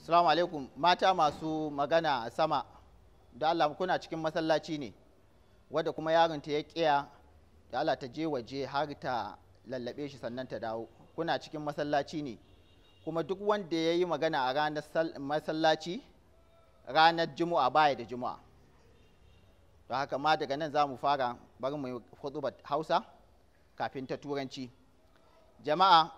salamu alaikum mata masu magana a sama da Allah kuna cikin masallaci ne wadda kuma yaronta ya kiya da Allah ta je waje har ta lallabe shi sannan ta dawo kuna cikin masallaci ne kuma duk wanda ya yi magana a ranar masallaci ranar juma'a baya da juma'a don haka ma daga nan za mu fara bari mu hudu hausa kafin ta turanci jama'a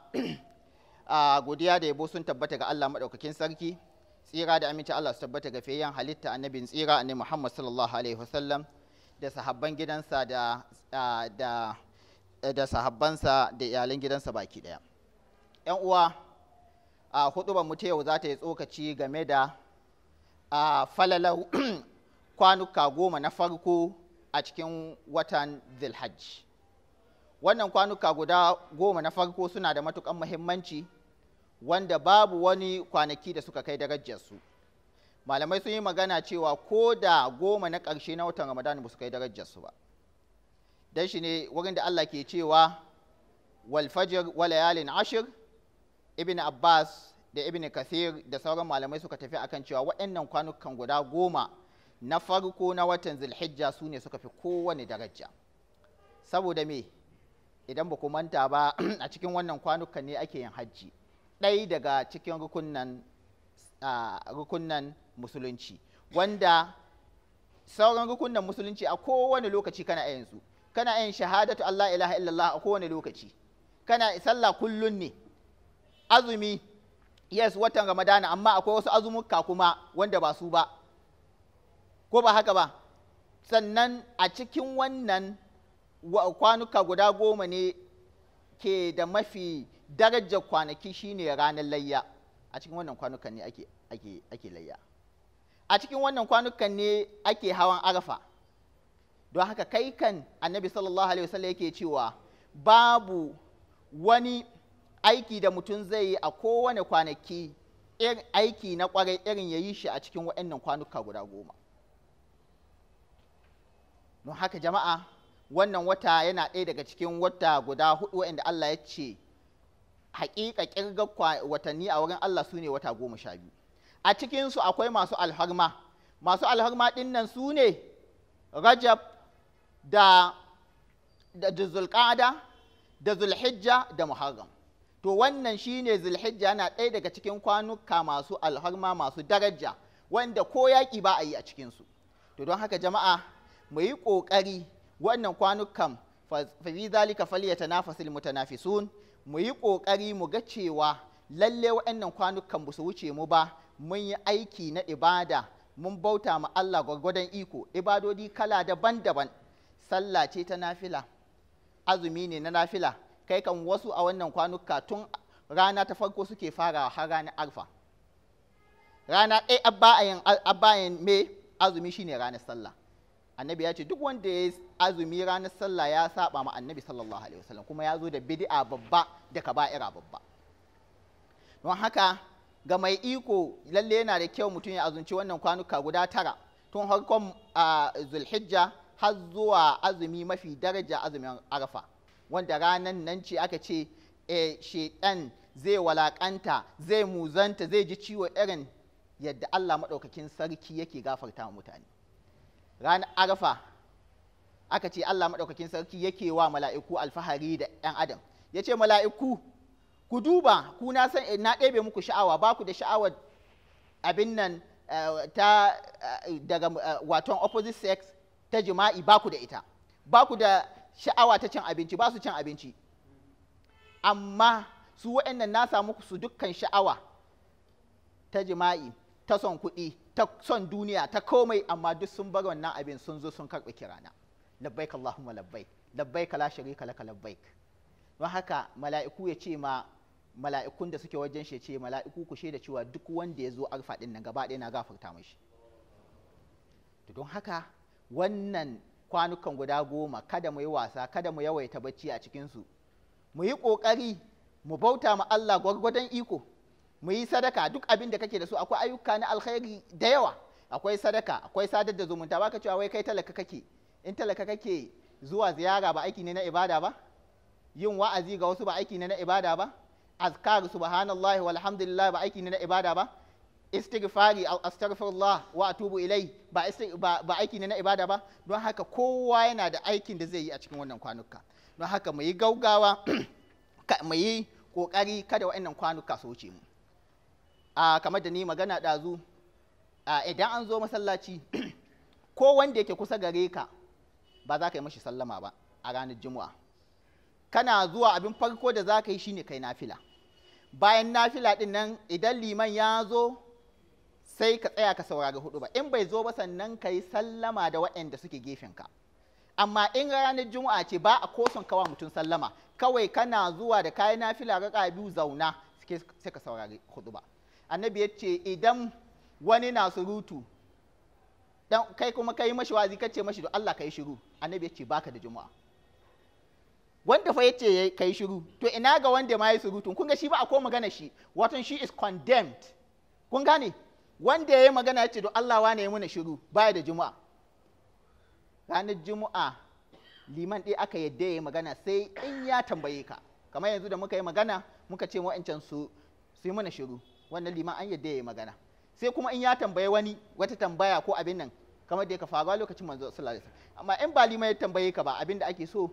a godiya da yabo sun tabbata ga Allah madaukakin sarki tsira da aminci Allah su tabbata ga fayyan halitta annabin tsira annabi Muhammad sallallahu alaihi wasallam da sahabban gidansa da da da sahabbansa da iyalan gidansa baki daya yan uwa a hudubar mu ta yau za ta yi tsokaci game da a falalau kwanuka goma na farko a cikin watan Dhulhajj wannan kwanuka guda goma na farko suna da matukan muhimmanci wanda babu wani kwanaki da suka kai su malamai sun yi magana cewa ko da goma na ƙarshe na watan ramadan ba su kai darajarsu ba dan shi ne wurin da allah ke cewa wal fajr ashir ibn abbas da ibn kathir da sauran malamai suka tafi akan cewa waɗannan kwanukan guda goma na farko na watan zulhijja su ne suka fi kowane daraja saboda me idan ba ku manta ba a cikin wannan kwanukan ne ake yin hajji ɗai daga cikin rukunan musulunci wanda sauran rukunan musulunci a kowane lokaci kana yin su kana yin shahadatu Allah ilaha illallah a kowane lokaci kana sallah kullun ne azumi yes watan ramadana amma akwai wasu azumuka kuma wanda ba su ba ko ba haka ba sannan a cikin wannan kwanuka guda goma ne ke da mafi darajar kwanaki shine ranar layya a cikin wannan kwanukan ne ake, layya a cikin wannan kwanukan ne ake hawan arafa don haka kai kan annabi sallallahu alaihi wasallam yake cewa babu wani aiki da mutum zai yi a kowane kwanaki aiki na kwarai irin ya yi shi a cikin waɗannan kwanuka guda goma don haka jama'a wannan wata yana ɗaya daga cikin wata guda hudu wa'inda Allah ya ce haƙiƙa ƙirgar watanni a wurin Allah su ne wata goma sha biyu a cikinsu akwai masu alharma masu alharma ɗin nan su ne rajab da da zulƙada da zulhijja da muharram to wannan shine zulhijja yana ɗaya daga cikin kwanuka masu alharma masu daraja wanda ko yaƙi ba a yi a cikinsu to don haka jama'a mu yi ƙoƙari wannan kwanukan fa fi zalika falyatanafasul mutanafisun mu yi kokari mu ga cewa lalle waɗannan kwanukan ba su wuce mu ba mun yi aiki na ibada mun bauta ma Allah gwargwadon iko ibadodi kala daban-daban sallah ce ta nafila azumi ne na nafila kai kan wasu a wannan kwanuka tun rana ta farko suke farawa har rana arfa rana ɗaya bayan me azumi shine ranar sallah annabi ya ce duk wanda ya azumi ranar sallah ya saba ma annabi sallallahu alaihi wasallam kuma ya zo da bid'a babba da kaba'ira babba don haka ga mai iko lalle yana da kyau mutum ya azunci wannan kwanuka guda tara tun harkon zulhijja har zuwa azumi mafi daraja azumin arafa wanda ranan nan ce aka ce e, shaidan zai walakanta zai muzanta zai ji ciwo irin yadda allah maɗaukakin sarki yake gafarta mutane ranar arfa aka ce Allah maɗaukakin sarki yake wa mala'iku alfahari da ‘yan adam ya ce mala'iku ku duba ku na san eh, na ɗebe muku sha'awa ba ku da sha'awar abin nan eh, ta eh, daga waton opposite sex ta jima'i ba ku da ita ba ku da sha'awa ta cin abinci ba su cin abinci amma su waɗannan na samu su dukkan sha'awa ta jima'i ta son kuɗi ta son duniya ta komai amma duk sun bar wannan abin sun zo sun karɓi kirana labbaik allahumma labbaik labbaik la sharika laka labbaik don haka mala'iku ya ce ma mala'ikun da suke wajen shi ya ce mala'iku ku da cewa duk wanda ya zo arfa din nan gaba ɗaya na gafarta mashi to don haka wannan kwanukan guda goma kada mu yi wasa kada mu yawaita bacci a cikinsu mu yi ƙoƙari mu bauta ma Allah gwargwadon iko mu yi sadaka duk abin da kake da su akwai ayyuka na alkhairi da yawa akwai sadaka akwai sadar da zumunta baka cewa wai kai talaka kake in talaka kake zuwa ziyara ba aiki ne na ibada ba yin wa'azi ga wasu ba aiki ne na ibada ba azkar subhanallah walhamdulillah ba aiki ne na ibada ba istighfari astaghfirullah wa atubu ilai ba ba aiki ne na ibada ba don haka kowa yana da aikin da zai yi a cikin wannan kwanuka don haka mu yi gaugawa mu yi kokari kada wa'annan kwanuka su wuce mu a kamar da ni magana ɗazu idan an zo masallaci ko wanda yake kusa gare ka ba za ka yi mashi sallama ba a ranar juma'a kana zuwa abin farko da za ka yi ne kai nafila bayan nafila din nan idan liman ya zo sai ka tsaya ka saurari hudu ba in bai zo ba sannan ka yi sallama da waɗanda suke gefen ka. amma in ranar juma'a ce ba a koson kawa mutum sallama kawai kana zuwa da kayan nafila raka biyu zauna sai ka saurari hudu ba annabi ya ce idan wani na surutu dan kai kuma kai mashi wazi kace mashi to Allah kai shiru annabi ya ce baka da juma'a wanda fa yace kai shiru to ina ga wanda ma ya surutu kun ga shi ba a ko magana shi watan shi is condemned kun gane wanda ya yi magana ya ce to Allah wane ya muna shiru baya da juma'a ranar juma'a liman dai aka yadda ya yi magana sai in ya tambaye ka kamar yanzu da muka yi magana muka ce wa'ancan su su yi mana shiru wannan liman an yadda ya yi magana sai kuma in ya tambaye wani wata tambaya ko abin nan kamar da ya a lokacin manzo sallallahu alaihi wasallam amma in ba liman ya tambaye ka ba abin da ake so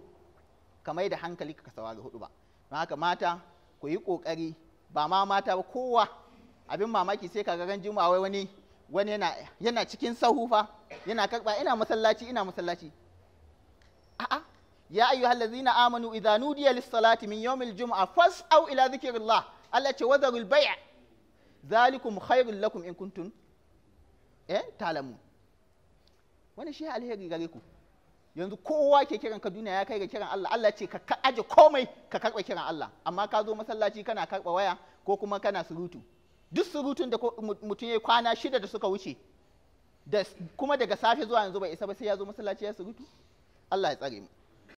ka mai da hankali ka ga hudu ba don haka mata ku yi kokari ba ma mata ba kowa abin mamaki sai ka ran juma'a wai wani wani yana yana cikin sahu fa yana karba ina masallaci ina masallaci a'a ya ayyuhallazina amanu idza nudiya lis-salati min yawmil jum'a fas'au ila dhikrillah Allah ce wazarul baia zalikum khairul lakum in kuntum eh talamu wannan shi alheri gare ku yanzu kowa ke kiran ka duniya ya kai ga kiran Allah Allah ce ka aje komai ka karba kiran Allah amma ka zo masallaci kana karba waya ko kuma kana surutu duk surutun da mutum ya kwana shida da suka wuce kuma daga safe zuwa yanzu bai isa ba sai ya zo masallaci ya surutu Allah ya tsare mu